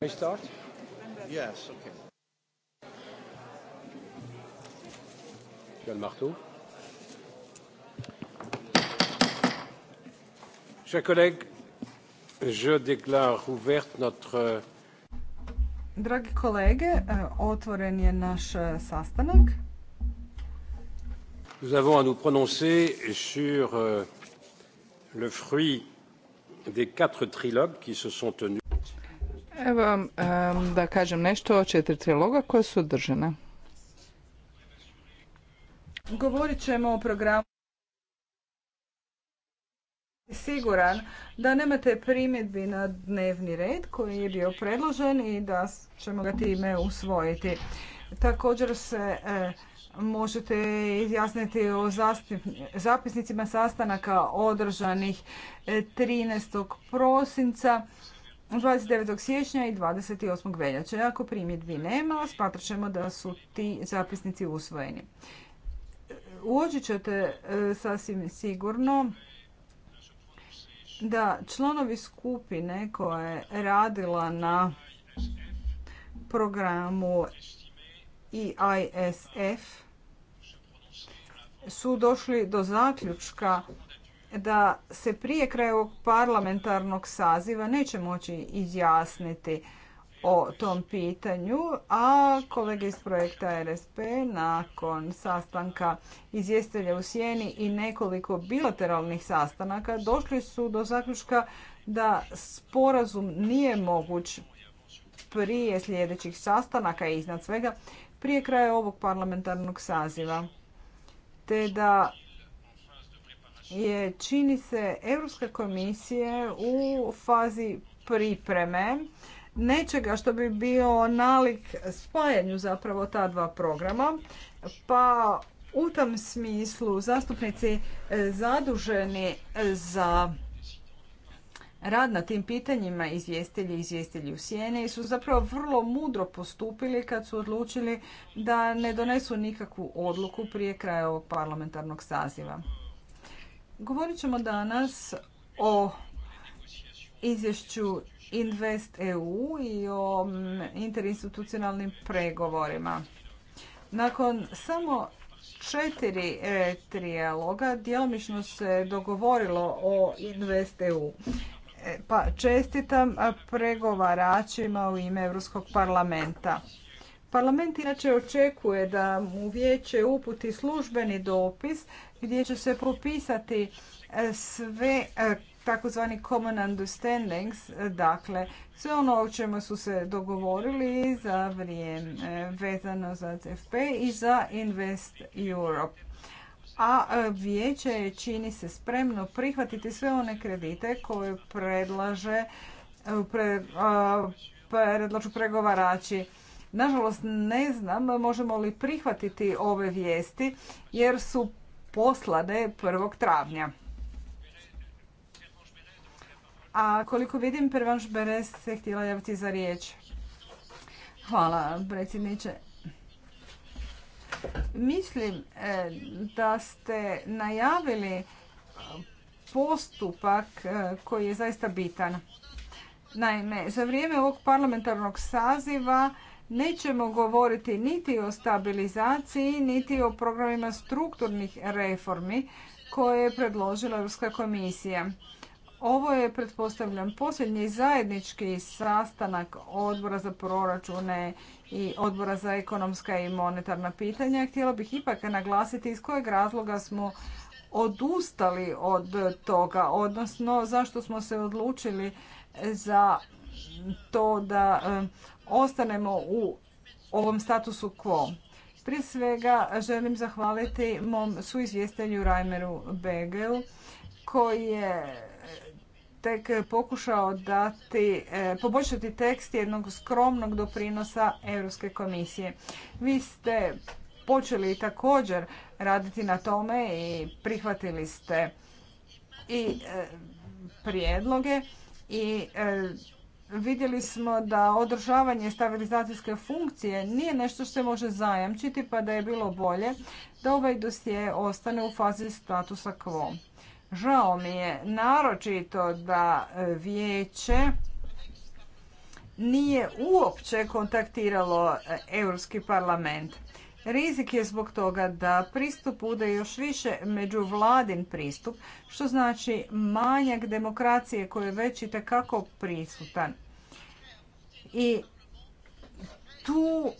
May start? Yes, okay. Tu marteau? Chers collègues, je déclare ouverte notre. Dragi kolege, e, otvoren je naš e, sastanak. Nous avons à nous prononcer sur e, le fruit des quatre trilogues qui se sont tenus. Evo vam da kažem nešto o četiri triloga koje su održana. Govorit ćemo o programu siguran da nemate primjedbi na dnevni red koji je bio predložen i da ćemo ga time usvojiti. Također se e, možete izjasniti o zapisnicima sastanaka održanih 13. E, prosinca 29. siječnja i 28. veljače. Ako primjedbi nema, smatrat ćemo da su ti zapisnici usvojeni. Uočit ćete e, sasvim sigurno da članovi skupine koja je radila na programu EISF su došli do zaključka da se prije kraja ovog parlamentarnog saziva neće moći izjasniti o tom pitanju, a kolege iz projekta RSP nakon sastanka izvjestelja u Sjeni i nekoliko bilateralnih sastanaka došli su do zaključka da sporazum nije moguć prije sljedećih sastanaka i iznad svega prije kraja ovog parlamentarnog saziva, te da je, čini se, Europska komisija u fazi pripreme nečega što bi bio nalik spajanju zapravo ta dva programa, pa u tom smislu zastupnici e, zaduženi za rad na tim pitanjima izvjestelji i izvjestelji u sjeni su zapravo vrlo mudro postupili kad su odlučili da ne donesu nikakvu odluku prije kraja ovog parlamentarnog saziva. Govorit ćemo danas o izvješću Invest EU i o mm, interinstitucionalnim pregovorima. Nakon samo četiri e, trijaloga djelomično se dogovorilo o Invest EU. E, pa čestitam pregovaračima u ime Europskog parlamenta. Parlament inače očekuje da mu vijeće uputi službeni dopis gdje će se propisati e, sve e, takozvani common understandings, e, dakle sve ono o čemu su se dogovorili za vrijeme vezano za CFP i za Invest Europe. A vijeće čini se spremno prihvatiti sve one kredite koje predlaže pre, predlažu pregovarači Nažalost, ne znam možemo li prihvatiti ove vijesti jer su poslade 1. travnja. A koliko vidim, Pervanš Beres se htjela javiti za riječ. Hvala, predsjedniče. Mislim e, da ste najavili postupak e, koji je zaista bitan. Naime, za vrijeme ovog parlamentarnog saziva nećemo govoriti niti o stabilizaciji, niti o programima strukturnih reformi koje je predložila Europska komisija. Ovo je, pretpostavljam, posljednji zajednički sastanak odbora za proračune i odbora za ekonomska i monetarna pitanja. Htjela bih ipak naglasiti iz kojeg razloga smo odustali od toga, odnosno zašto smo se odlučili za to da ostanemo u ovom statusu quo. Prije svega želim zahvaliti mom suizvjestelju Reimeru Begel koji je e, tek pokušao dati, e, poboljšati tekst jednog skromnog doprinosa Europske komisije. Vi ste počeli također raditi na tome i prihvatili ste i e, prijedloge i vidjeli smo da održavanje stabilizacijske funkcije nije nešto što se može zajamčiti, pa da je bilo bolje da ovaj dosje ostane u fazi statusa quo. Žao mi je naročito da vijeće nije uopće kontaktiralo Europski parlament. Rizik je zbog toga da pristup bude još više međuvladin pristup, što znači manjak demokracije koji je već i tekako prisutan. I tu e,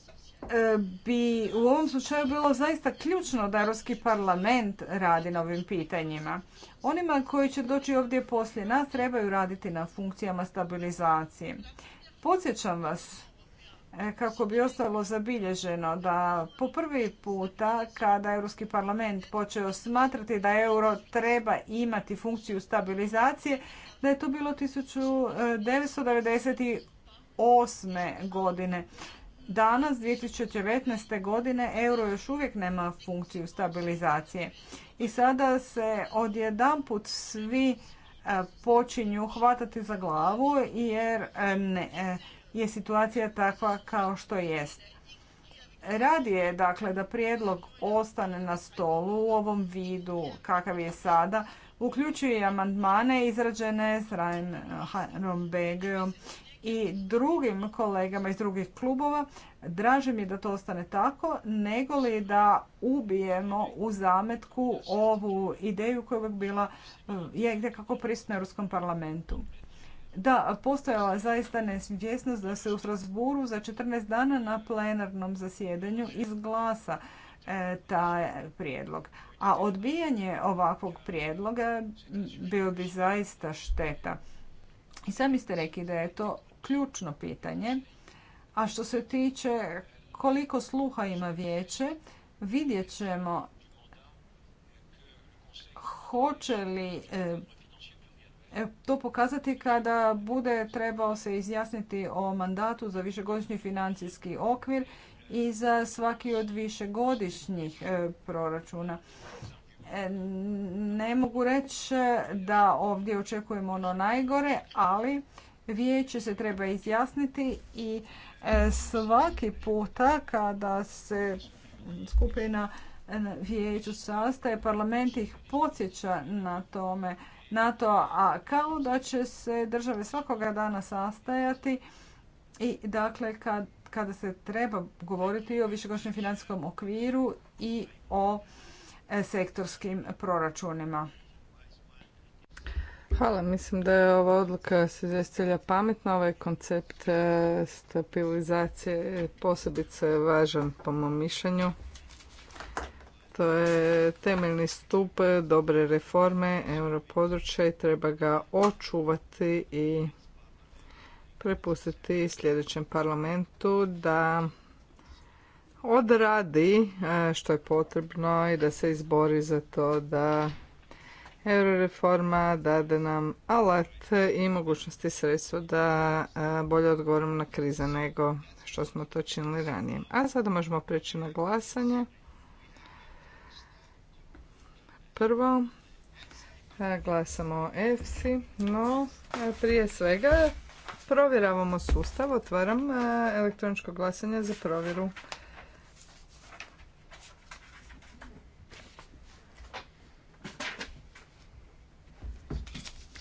bi u ovom slučaju bilo zaista ključno da Europski parlament radi na ovim pitanjima. Onima koji će doći ovdje poslije nas trebaju raditi na funkcijama stabilizacije. Podsjećam vas E, kako bi ostalo zabilježeno da po prvi puta kada Europski parlament počeo smatrati da euro treba imati funkciju stabilizacije, da je to bilo 1998. godine. Danas, 2019. godine, euro još uvijek nema funkciju stabilizacije. I sada se odjedanput svi e, počinju hvatati za glavu jer ne, e, je situacija takva kao što jest. Radi je dakle da prijedlog ostane na stolu u ovom vidu kakav je sada, uključuje i amandmane izrađene s Rainerom eh, Begijom i drugim kolegama iz drugih klubova. Draže mi je da to ostane tako, nego li da ubijemo u zametku ovu ideju koja je bila eh, je kako prisutna u Europskom parlamentu da postojala zaista nesvjesnost da se u Strasburu za 14 dana na plenarnom zasjedanju izglasa e, taj prijedlog. A odbijanje ovakvog prijedloga bio bi zaista šteta. I sami ste rekli da je to ključno pitanje. A što se tiče koliko sluha ima vijeće, vidjet ćemo hoće li e, E, to pokazati kada bude trebao se izjasniti o mandatu za višegodišnji financijski okvir i za svaki od višegodišnjih e, proračuna. E, ne mogu reći da ovdje očekujemo ono najgore, ali vijeće se treba izjasniti i svaki puta kada se skupina vijeću sastaje, parlament ih podsjeća na tome, na to, a kao da će se države svakoga dana sastajati i dakle kad, kada se treba govoriti o višegodišnjem financijskom okviru i o e, sektorskim proračunima. Hvala, mislim da je ova odluka se izvjestitelja pametna, ovaj koncept e, stabilizacije je posebice važan po mom mišljenju to je temeljni stup dobre reforme europodručja i treba ga očuvati i prepustiti sljedećem parlamentu da odradi e, što je potrebno i da se izbori za to da euroreforma dade nam alat i mogućnosti sredstva da e, bolje odgovorimo na krize nego što smo to činili ranije. A sada možemo preći na glasanje. Prvo, e, glasamo o EFSI, no e, prije svega provjeravamo sustav, otvaram e, elektroničko glasanje za provjeru.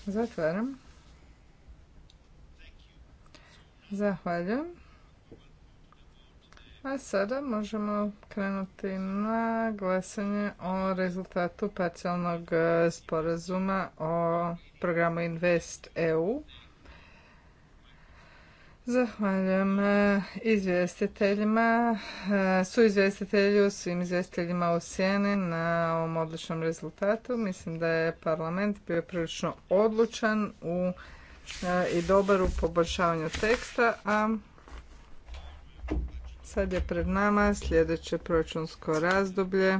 Zatvaram. Zahvaljujem. A sada možemo krenuti na glasanje o rezultatu parcijalnog e, sporazuma o programu Invest EU. Zahvaljujem e, izvjestiteljima, e, su izvjestitelju, svim izvjestiteljima u Sjeni na ovom odličnom rezultatu. Mislim da je parlament bio prilično odlučan u, i dobar u poboljšavanju teksta, a Sad je pred nama sljedeće proračunsko razdoblje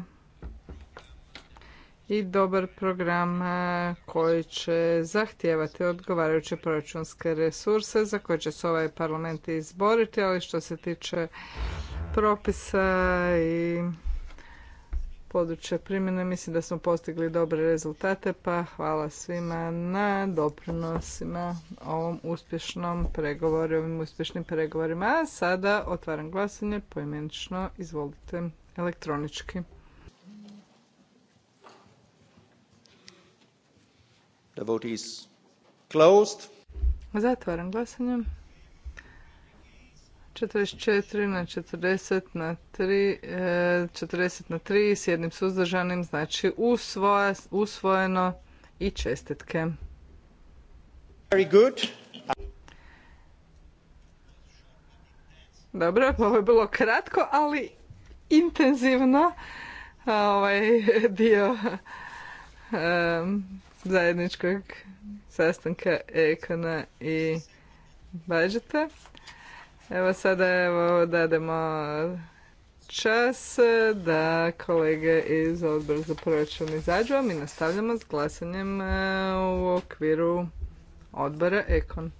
i dobar program e, koji će zahtijevati odgovarajuće proračunske resurse za koje će se ovaj parlament izboriti, ali što se tiče propisa i područja primjene. Mislim da smo postigli dobre rezultate, pa hvala svima na doprinosima ovom uspješnom pregovoru, ovim uspješnim pregovorima. A sada otvaram glasanje poimenično, izvolite, elektronički. Zatvaram glasanje. 44 na 40 na 3, 40 e, na 3 s jednim suzdržanim, znači usvojeno i čestitke. Very good. Dobro, ovo je bilo kratko, ali intenzivno ovaj dio um, zajedničkog sastanka Ekona i Bađeta. Evo sada evo, dademo čas da kolege iz odbora za proračun izađu, a mi nastavljamo s glasanjem e, u okviru odbora Ekon.